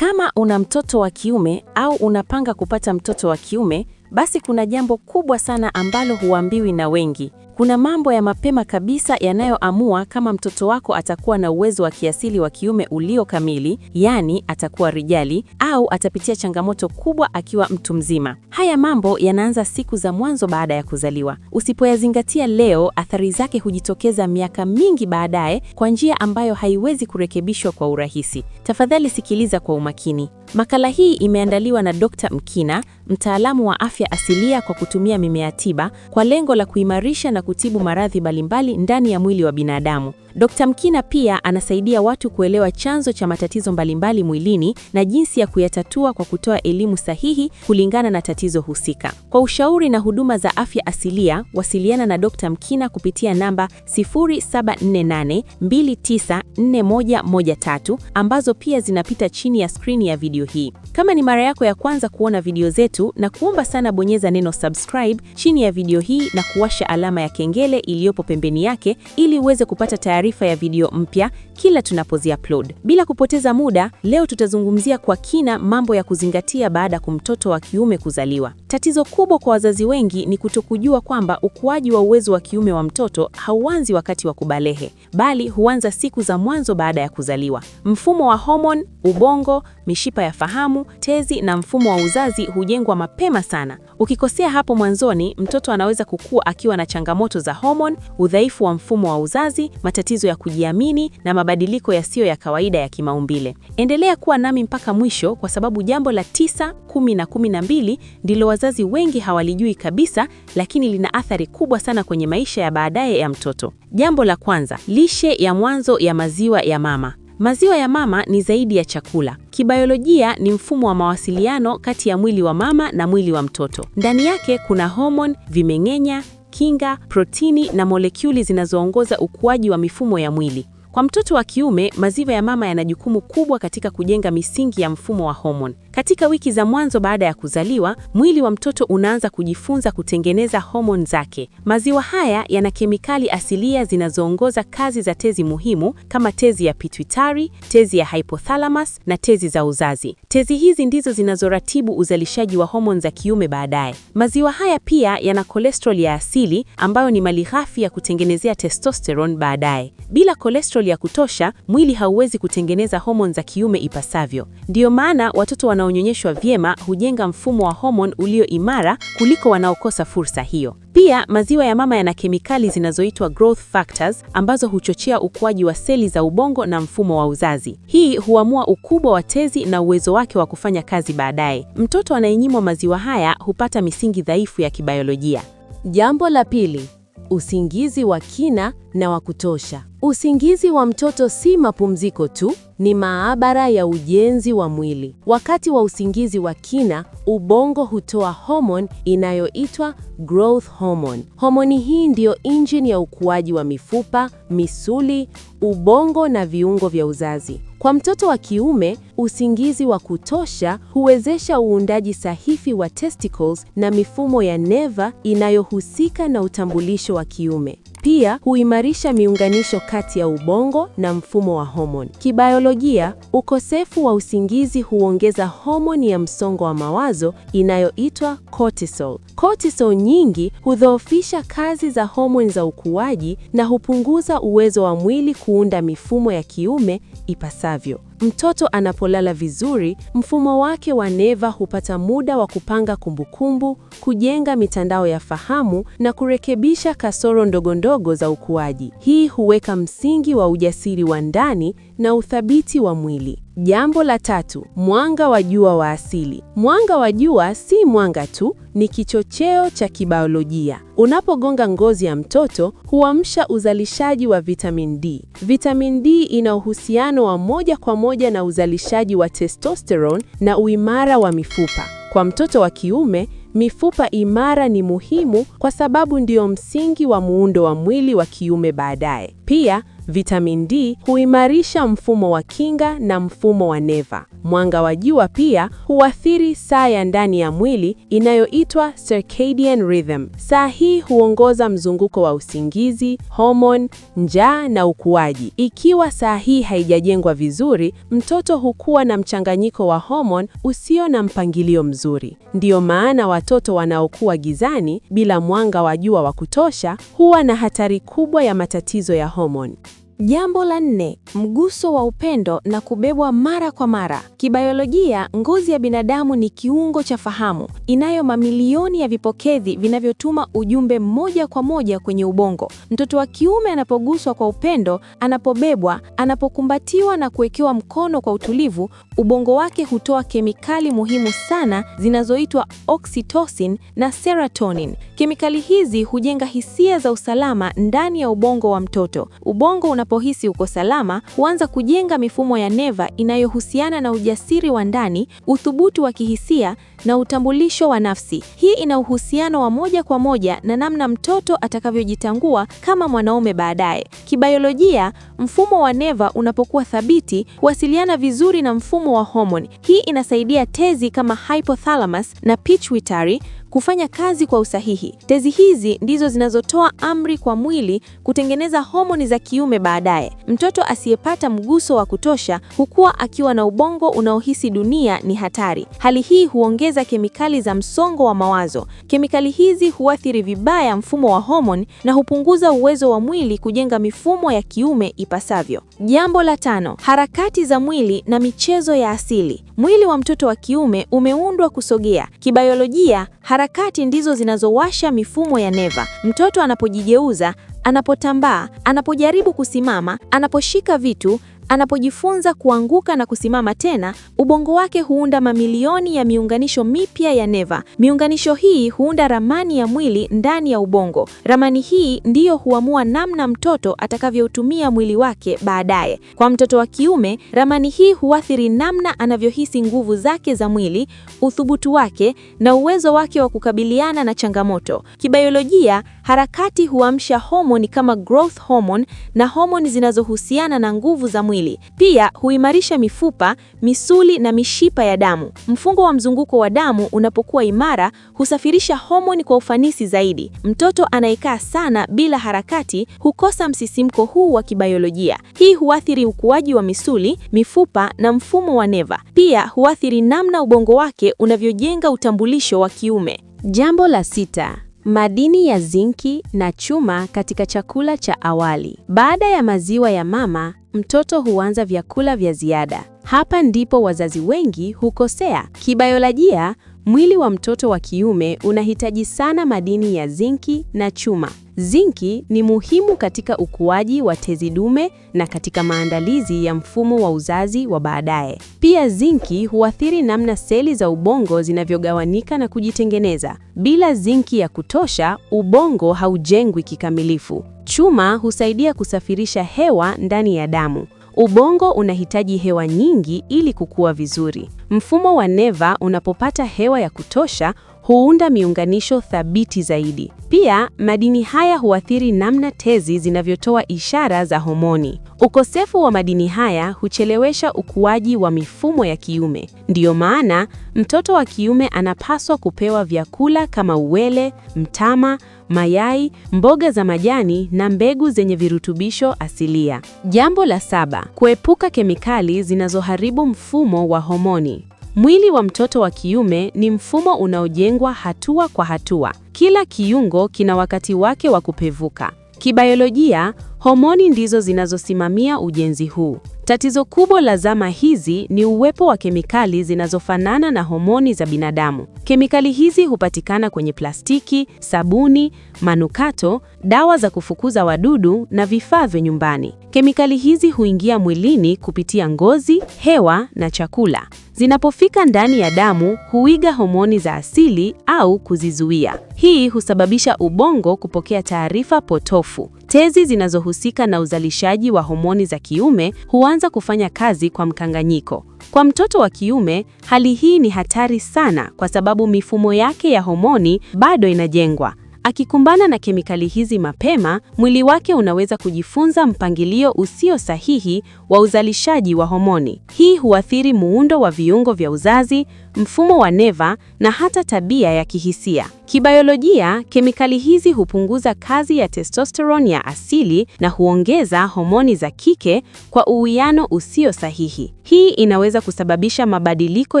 Kama una mtoto wa kiume au unapanga kupata mtoto wa kiume, basi kuna jambo kubwa sana ambalo huambiwi na wengi, kuna mambo ya mapema kabisa yanayoamua kama mtoto wako atakuwa na uwezo wa kiasili wa kiume ulio kamili, yaani atakuwa rijali au atapitia changamoto kubwa akiwa mtu mzima. Haya mambo yanaanza siku za mwanzo baada ya kuzaliwa. Usipoyazingatia leo, athari zake hujitokeza miaka mingi baadaye kwa njia ambayo haiwezi kurekebishwa kwa urahisi. Tafadhali sikiliza kwa umakini. Makala hii imeandaliwa na Dr. Mkina, mtaalamu wa afya asilia kwa kutumia mimea tiba kwa lengo la kuimarisha na kutibu maradhi mbalimbali ndani ya mwili wa binadamu. Dr. Mkina pia anasaidia watu kuelewa chanzo cha matatizo mbalimbali mwilini na jinsi ya kuyatatua kwa kutoa elimu sahihi kulingana na tatizo husika. Kwa ushauri na huduma za afya asilia, wasiliana na Dr. Mkina kupitia namba 0748294113 ambazo pia zinapita chini ya skrini ya video hii. Kama ni mara yako ya kwanza kuona video zetu, na kuomba sana bonyeza neno subscribe chini ya video hii na kuwasha alama ya kengele iliyopo pembeni yake ili uweze kupata taarifa ya video mpya kila tunapozi upload. Bila kupoteza muda, leo tutazungumzia kwa kina mambo ya kuzingatia baada ya mtoto wa kiume kuzaliwa. Tatizo kubwa kwa wazazi wengi ni kutokujua kwamba ukuaji wa uwezo wa kiume wa mtoto hauanzi wakati wa kubalehe, bali huanza siku za mwanzo baada ya kuzaliwa. Mfumo wa homoni, ubongo, mishipa ya fahamu, tezi na mfumo wa uzazi hujengwa mapema sana. Ukikosea hapo mwanzoni, mtoto anaweza kukua akiwa na changamoto za homoni, udhaifu wa mfumo wa uzazi, matatizo ya kujiamini na mabadiliko yasiyo ya kawaida ya kimaumbile. Endelea kuwa nami mpaka mwisho kwa sababu jambo la tisa, kumi na kumi na mbili ndilo wazazi wengi hawalijui kabisa, lakini lina athari kubwa sana kwenye maisha ya baadaye ya mtoto. Jambo la kwanza, lishe ya mwanzo ya maziwa ya mama. Maziwa ya mama ni zaidi ya chakula. kibayolojia ni mfumo wa mawasiliano kati ya mwili wa mama na mwili wa mtoto. Ndani yake kuna homoni, vimeng'enya, kinga, protini na molekuli zinazoongoza ukuaji wa mifumo ya mwili. Kwa mtoto wa kiume, maziwa ya mama yana jukumu kubwa katika kujenga misingi ya mfumo wa homoni. Katika wiki za mwanzo baada ya kuzaliwa, mwili wa mtoto unaanza kujifunza kutengeneza homoni zake. Maziwa haya yana kemikali asilia zinazoongoza kazi za tezi muhimu kama tezi ya pituitary, tezi ya hypothalamus na tezi za uzazi. Tezi hizi ndizo zinazoratibu uzalishaji wa homoni za kiume baadaye. Maziwa haya pia yana kolesterol ya asili ambayo ni malighafi ya kutengenezea testosterone baadaye. Bila kolesterol cholesterol ya kutosha, mwili hauwezi kutengeneza homoni za kiume ipasavyo. Ndiyo maana watoto wanaonyonyeshwa vyema hujenga mfumo wa homoni ulio imara kuliko wanaokosa fursa hiyo. Pia maziwa ya mama yana kemikali zinazoitwa growth factors ambazo huchochea ukuaji wa seli za ubongo na mfumo wa uzazi. Hii huamua ukubwa wa tezi na uwezo wake wa kufanya kazi baadaye. Mtoto anayenyimwa maziwa haya hupata misingi dhaifu ya kibayolojia. Jambo la pili, usingizi wa kina na wa kutosha. Usingizi wa mtoto si mapumziko tu, ni maabara ya ujenzi wa mwili. Wakati wa usingizi wa kina, ubongo hutoa homoni inayoitwa growth hormone. Homoni hii ndiyo injini ya ukuaji wa mifupa, misuli, ubongo na viungo vya uzazi. Kwa mtoto wa kiume, usingizi wa kutosha huwezesha uundaji sahihi wa testicles na mifumo ya neva inayohusika na utambulisho wa kiume. Pia huimarisha miunganisho kati ya ubongo na mfumo wa homoni. Kibiolojia, ukosefu wa usingizi huongeza homoni ya msongo wa mawazo inayoitwa cortisol. Cortisol nyingi hudhoofisha kazi za homoni za ukuaji na hupunguza uwezo wa mwili kuunda mifumo ya kiume ipasavyo. Mtoto anapolala vizuri, mfumo wake wa neva hupata muda wa kupanga kumbukumbu, kujenga mitandao ya fahamu na kurekebisha kasoro ndogondogo za ukuaji. Hii huweka msingi wa ujasiri wa ndani na uthabiti wa mwili. Jambo la tatu, mwanga wa jua wa asili. Mwanga wa jua si mwanga tu, ni kichocheo cha kibiolojia. Unapogonga ngozi ya mtoto, huamsha uzalishaji wa vitamin D. Vitamin D ina uhusiano wa moja kwa moja na uzalishaji wa testosterone na uimara wa mifupa. Kwa mtoto wa kiume, mifupa imara ni muhimu kwa sababu ndio msingi wa muundo wa mwili wa kiume baadaye. Pia Vitamin D huimarisha mfumo wa kinga na mfumo wa neva. Mwanga wa jua pia huathiri saa ya ndani ya mwili inayoitwa circadian rhythm. Saa hii huongoza mzunguko wa usingizi, homoni, njaa na ukuaji. Ikiwa saa hii haijajengwa vizuri, mtoto hukua na mchanganyiko wa homoni usio na mpangilio mzuri. Ndiyo maana watoto wanaokuwa gizani bila mwanga wa jua wa kutosha huwa na hatari kubwa ya matatizo ya homoni. Jambo la nne, mguso wa upendo na kubebwa mara kwa mara. Kibayolojia, ngozi ya binadamu ni kiungo cha fahamu inayo mamilioni ya vipokezi vinavyotuma ujumbe moja kwa moja kwenye ubongo. Mtoto wa kiume anapoguswa kwa upendo, anapobebwa, anapokumbatiwa na kuwekewa mkono kwa utulivu, ubongo wake hutoa kemikali muhimu sana zinazoitwa oxytocin na serotonin. Kemikali hizi hujenga hisia za usalama ndani ya ubongo wa mtoto. Ubongo una unapohisi uko salama, huanza kujenga mifumo ya neva inayohusiana na ujasiri wa ndani, uthubutu wa kihisia na utambulisho wa nafsi. Hii ina uhusiano wa moja kwa moja na namna mtoto atakavyojitangua kama mwanaume baadaye. Kibiolojia, mfumo wa neva unapokuwa thabiti huwasiliana vizuri na mfumo wa homoni. Hii inasaidia tezi kama hypothalamus na pituitary kufanya kazi kwa usahihi. Tezi hizi ndizo zinazotoa amri kwa mwili kutengeneza homoni za kiume baadaye. Mtoto asiyepata mguso wa kutosha hukua akiwa na ubongo unaohisi dunia ni hatari. Hali hii huongeza kemikali za msongo wa mawazo. Kemikali hizi huathiri vibaya mfumo wa homoni na hupunguza uwezo wa mwili kujenga mifumo ya kiume ipasavyo. Jambo la tano, harakati za mwili na michezo ya asili. Mwili wa mtoto wa kiume umeundwa kusogea. Kibayolojia Harakati ndizo zinazowasha mifumo ya neva. Mtoto anapojigeuza, anapotambaa, anapojaribu kusimama, anaposhika vitu, Anapojifunza kuanguka na kusimama tena, ubongo wake huunda mamilioni ya miunganisho mipya ya neva. Miunganisho hii huunda ramani ya mwili ndani ya ubongo. Ramani hii ndiyo huamua namna mtoto atakavyoutumia mwili wake baadaye. Kwa mtoto wa kiume, ramani hii huathiri namna anavyohisi nguvu zake za mwili, uthubutu wake na uwezo wake wa kukabiliana na changamoto. Kibiolojia, harakati huamsha homoni kama growth hormone na homoni zinazohusiana na nguvu za mwili mwili. Pia huimarisha mifupa, misuli na mishipa ya damu. Mfungo wa mzunguko wa damu unapokuwa imara, husafirisha homoni kwa ufanisi zaidi. Mtoto anayekaa sana bila harakati hukosa msisimko huu wa kibayolojia. Hii huathiri ukuaji wa misuli, mifupa na mfumo wa neva. Pia huathiri namna ubongo wake unavyojenga utambulisho wa kiume. Jambo la sita. Madini ya zinki na chuma katika chakula cha awali. Baada ya maziwa ya mama, mtoto huanza vyakula vya ziada. Hapa ndipo wazazi wengi hukosea. Kibayolojia, mwili wa mtoto wa kiume unahitaji sana madini ya zinki na chuma. Zinki ni muhimu katika ukuaji wa tezi dume na katika maandalizi ya mfumo wa uzazi wa baadaye. Pia zinki huathiri namna seli za ubongo zinavyogawanika na kujitengeneza. Bila zinki ya kutosha, ubongo haujengwi kikamilifu. Chuma husaidia kusafirisha hewa ndani ya damu. Ubongo unahitaji hewa nyingi ili kukua vizuri. Mfumo wa neva unapopata hewa ya kutosha, huunda miunganisho thabiti zaidi. Pia madini haya huathiri namna tezi zinavyotoa ishara za homoni. Ukosefu wa madini haya huchelewesha ukuaji wa mifumo ya kiume. Ndiyo maana mtoto wa kiume anapaswa kupewa vyakula kama uwele, mtama, mayai, mboga za majani na mbegu zenye virutubisho asilia. Jambo la saba, kuepuka kemikali zinazoharibu mfumo wa homoni. Mwili wa mtoto wa kiume ni mfumo unaojengwa hatua kwa hatua. Kila kiungo kina wakati wake wa kupevuka. Kibayolojia, homoni ndizo zinazosimamia ujenzi huu. Tatizo kubwa la zama hizi ni uwepo wa kemikali zinazofanana na homoni za binadamu. Kemikali hizi hupatikana kwenye plastiki, sabuni, manukato, dawa za kufukuza wadudu na vifaa vya nyumbani. Kemikali hizi huingia mwilini kupitia ngozi, hewa na chakula. Zinapofika ndani ya damu, huiga homoni za asili au kuzizuia. Hii husababisha ubongo kupokea taarifa potofu. Tezi zinazohusika na uzalishaji wa homoni za kiume huanza kufanya kazi kwa mkanganyiko. Kwa mtoto wa kiume, hali hii ni hatari sana kwa sababu mifumo yake ya homoni bado inajengwa. Akikumbana na kemikali hizi mapema, mwili wake unaweza kujifunza mpangilio usio sahihi wa uzalishaji wa homoni. Hii huathiri muundo wa viungo vya uzazi, mfumo wa neva na hata tabia ya kihisia. Kibayolojia, kemikali hizi hupunguza kazi ya testosterone ya asili na huongeza homoni za kike kwa uwiano usio sahihi. Hii inaweza kusababisha mabadiliko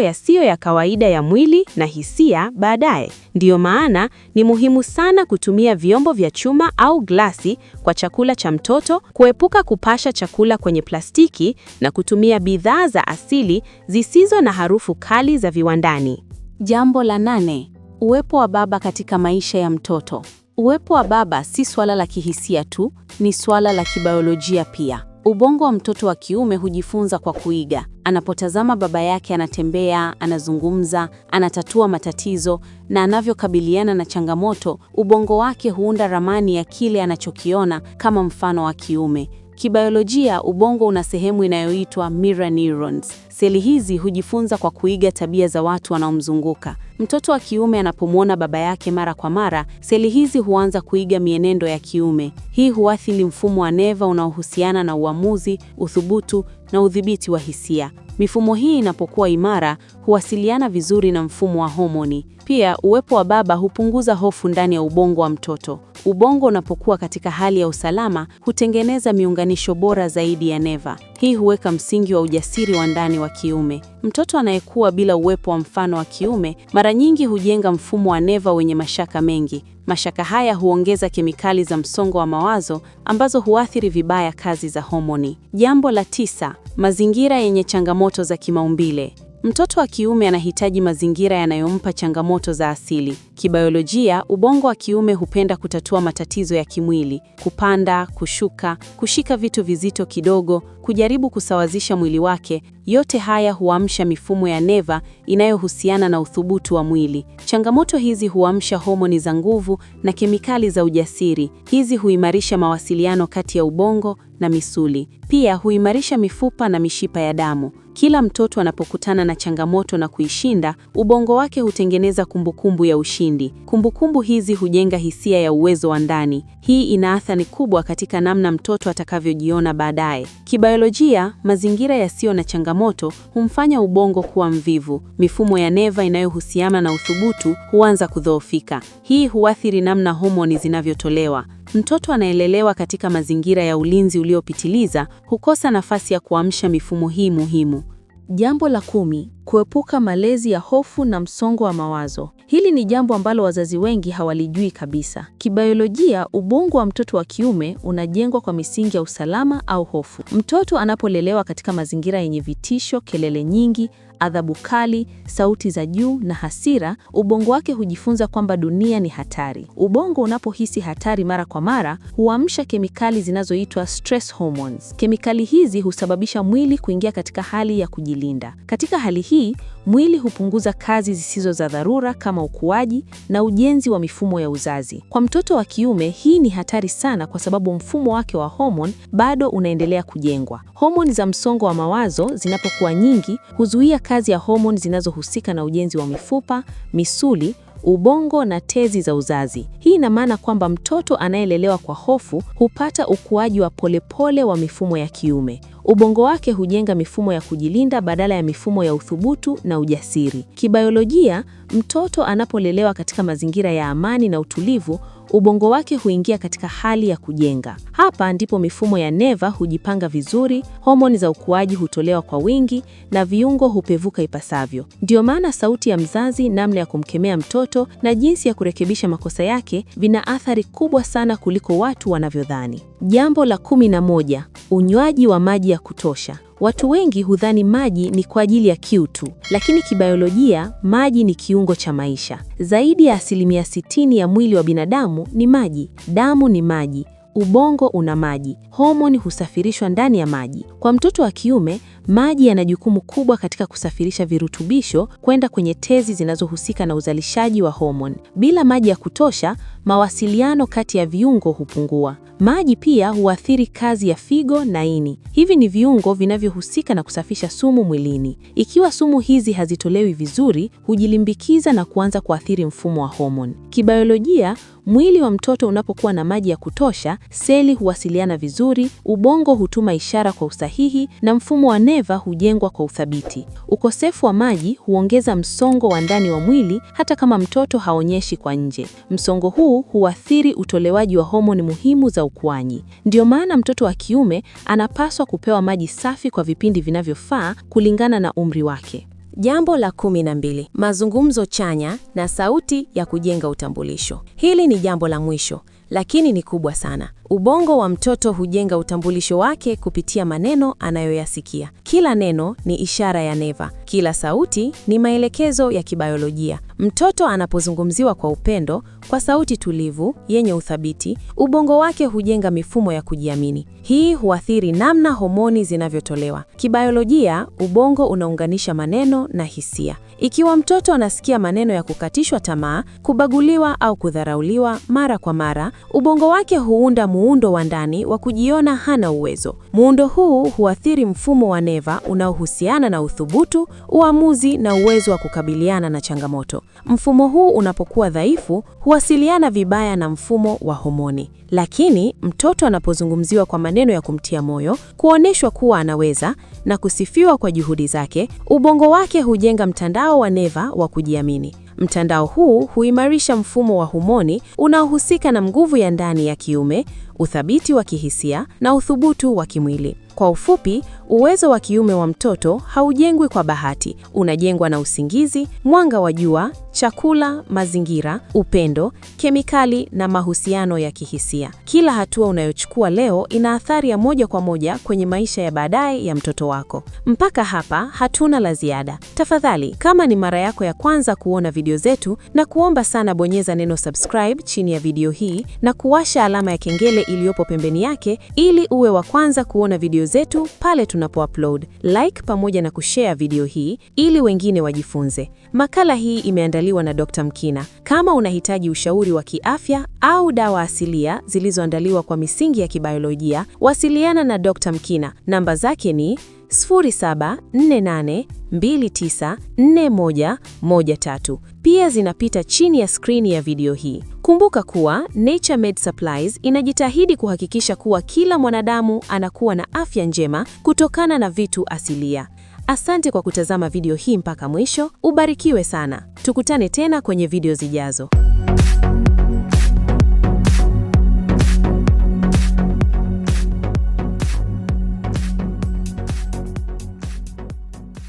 yasiyo ya kawaida ya mwili na hisia baadaye. Ndiyo maana ni muhimu sana sana kutumia vyombo vya chuma au glasi kwa chakula cha mtoto, kuepuka kupasha chakula kwenye plastiki na kutumia bidhaa za asili zisizo na harufu kali za viwandani. Jambo la nane, uwepo wa baba katika maisha ya mtoto. Uwepo wa baba si swala la kihisia tu, ni swala la kibiolojia pia. Ubongo wa mtoto wa kiume hujifunza kwa kuiga anapotazama baba yake anatembea, anazungumza, anatatua matatizo na anavyokabiliana na changamoto, ubongo wake huunda ramani ya kile anachokiona kama mfano wa kiume. Kibiolojia, ubongo una sehemu inayoitwa mirror neurons Seli hizi hujifunza kwa kuiga tabia za watu wanaomzunguka. Mtoto wa kiume anapomwona baba yake mara kwa mara, seli hizi huanza kuiga mienendo ya kiume. Hii huathiri mfumo wa neva unaohusiana na uamuzi, uthubutu na udhibiti wa hisia. Mifumo hii inapokuwa imara, huwasiliana vizuri na mfumo wa homoni. Pia uwepo wa baba hupunguza hofu ndani ya ubongo wa mtoto. Ubongo unapokuwa katika hali ya usalama, hutengeneza miunganisho bora zaidi ya neva. Hii huweka msingi wa ujasiri wa ndani wa kiume. Mtoto anayekuwa bila uwepo wa mfano wa kiume mara nyingi hujenga mfumo wa neva wenye mashaka mengi. Mashaka haya huongeza kemikali za msongo wa mawazo ambazo huathiri vibaya kazi za homoni. Jambo la tisa, mazingira yenye changamoto za kimaumbile. Mtoto wa kiume anahitaji mazingira yanayompa changamoto za asili. Kibiolojia, ubongo wa kiume hupenda kutatua matatizo ya kimwili: kupanda, kushuka, kushika vitu vizito kidogo, kujaribu kusawazisha mwili wake. Yote haya huamsha mifumo ya neva inayohusiana na uthubutu wa mwili. Changamoto hizi huamsha homoni za nguvu na kemikali za ujasiri. Hizi huimarisha mawasiliano kati ya ubongo na misuli. Pia huimarisha mifupa na mishipa ya damu. Kila mtoto anapokutana na changamoto na kuishinda, ubongo wake hutengeneza kumbukumbu ya ushindi. Kumbukumbu hizi hujenga hisia ya uwezo wa ndani. Hii ina athari kubwa katika namna mtoto atakavyojiona baadaye. Kibiolojia, mazingira yasiyo na changamoto humfanya ubongo kuwa mvivu. Mifumo ya neva inayohusiana na uthubutu huanza kudhoofika. Hii huathiri namna homoni zinavyotolewa. Mtoto anayelelewa katika mazingira ya ulinzi uliopitiliza hukosa nafasi ya kuamsha mifumo hii muhimu. Jambo la kumi, kuepuka malezi ya hofu na msongo wa mawazo. Hili ni jambo ambalo wazazi wengi hawalijui kabisa. Kibiolojia, ubongo wa mtoto wa kiume unajengwa kwa misingi ya usalama au hofu. Mtoto anapolelewa katika mazingira yenye vitisho, kelele nyingi adhabu kali, sauti za juu na hasira, ubongo wake hujifunza kwamba dunia ni hatari. Ubongo unapohisi hatari mara kwa mara, huamsha kemikali zinazoitwa stress hormones. Kemikali hizi husababisha mwili kuingia katika hali ya kujilinda. Katika hali hii mwili hupunguza kazi zisizo za dharura kama ukuaji na ujenzi wa mifumo ya uzazi. Kwa mtoto wa kiume, hii ni hatari sana kwa sababu mfumo wake wa homoni bado unaendelea kujengwa. Homoni za msongo wa mawazo zinapokuwa nyingi, huzuia kazi ya homoni zinazohusika na ujenzi wa mifupa, misuli ubongo na tezi za uzazi. Hii ina maana kwamba mtoto anayelelewa kwa hofu hupata ukuaji wa polepole wa mifumo ya kiume. Ubongo wake hujenga mifumo ya kujilinda badala ya mifumo ya uthubutu na ujasiri. Kibiolojia, mtoto anapolelewa katika mazingira ya amani na utulivu ubongo wake huingia katika hali ya kujenga. Hapa ndipo mifumo ya neva hujipanga vizuri, homoni za ukuaji hutolewa kwa wingi na viungo hupevuka ipasavyo. Ndiyo maana sauti ya mzazi, namna ya kumkemea mtoto na jinsi ya kurekebisha makosa yake vina athari kubwa sana kuliko watu wanavyodhani. Jambo la kumi na moja: unywaji wa maji ya kutosha. Watu wengi hudhani maji ni kwa ajili ya kiu tu, lakini kibayolojia, maji ni kiungo cha maisha. Zaidi ya asilimia 60 ya mwili wa binadamu ni maji. Damu ni maji, ubongo una maji, homoni husafirishwa ndani ya maji. Kwa mtoto wa kiume, maji yana jukumu kubwa katika kusafirisha virutubisho kwenda kwenye tezi zinazohusika na uzalishaji wa homoni. Bila maji ya kutosha, mawasiliano kati ya viungo hupungua. Maji pia huathiri kazi ya figo na ini. Hivi ni viungo vinavyohusika na kusafisha sumu mwilini. Ikiwa sumu hizi hazitolewi vizuri, hujilimbikiza na kuanza kuathiri mfumo wa homoni. Kibiolojia, mwili wa mtoto unapokuwa na maji ya kutosha, seli huwasiliana vizuri, ubongo hutuma ishara kwa usahihi na mfumo wa neva hujengwa kwa uthabiti. Ukosefu wa maji huongeza msongo wa ndani wa mwili hata kama mtoto haonyeshi kwa nje. Msongo huu huathiri utolewaji wa homoni muhimu za ukuaji. ndio maana mtoto wa kiume anapaswa kupewa maji safi kwa vipindi vinavyofaa kulingana na umri wake. Jambo la kumi na mbili: mazungumzo chanya na sauti ya kujenga utambulisho. Hili ni jambo la mwisho, lakini ni kubwa sana. Ubongo wa mtoto hujenga utambulisho wake kupitia maneno anayoyasikia. Kila neno ni ishara ya neva, kila sauti ni maelekezo ya kibayolojia. Mtoto anapozungumziwa kwa upendo, kwa sauti tulivu yenye uthabiti, ubongo wake hujenga mifumo ya kujiamini. Hii huathiri namna homoni zinavyotolewa. Kibayolojia, ubongo unaunganisha maneno na hisia. Ikiwa mtoto anasikia maneno ya kukatishwa tamaa, kubaguliwa au kudharauliwa mara kwa mara, ubongo wake huunda muundo wa ndani wa kujiona hana uwezo. Muundo huu huathiri mfumo wa neva unaohusiana na uthubutu, uamuzi na uwezo wa kukabiliana na changamoto. Mfumo huu unapokuwa dhaifu, huwasiliana vibaya na mfumo wa homoni. Lakini mtoto anapozungumziwa kwa maneno ya kumtia moyo, kuoneshwa kuwa anaweza na kusifiwa kwa juhudi zake, ubongo wake hujenga mtandao wa neva wa kujiamini. Mtandao huu huimarisha mfumo wa homoni unaohusika na nguvu ya ndani ya kiume, uthabiti wa kihisia na uthubutu wa kimwili. Kwa ufupi, uwezo wa kiume wa mtoto haujengwi kwa bahati, unajengwa na usingizi, mwanga wa jua, chakula, mazingira, upendo, kemikali na mahusiano ya kihisia. Kila hatua unayochukua leo ina athari ya moja kwa moja kwenye maisha ya baadaye ya mtoto wako. Mpaka hapa hatuna la ziada. Tafadhali, kama ni mara yako ya kwanza kuona video zetu, na kuomba sana bonyeza neno subscribe chini ya video hii na kuwasha alama ya kengele iliyopo pembeni yake ili uwe wa kwanza kuona video zetu pale tunapoupload, like pamoja na kushare video hii ili wengine wajifunze. Makala hii imeandaliwa na Dr. Mkina. Kama unahitaji ushauri wa kiafya au dawa asilia zilizoandaliwa kwa misingi ya kibiolojia, wasiliana na Dr. Mkina. Namba zake ni 0748294113. Pia zinapita chini ya skrini ya video hii. Kumbuka kuwa Naturemed Supplies inajitahidi kuhakikisha kuwa kila mwanadamu anakuwa na afya njema kutokana na vitu asilia. Asante kwa kutazama video hii mpaka mwisho. Ubarikiwe sana. Tukutane tena kwenye video zijazo.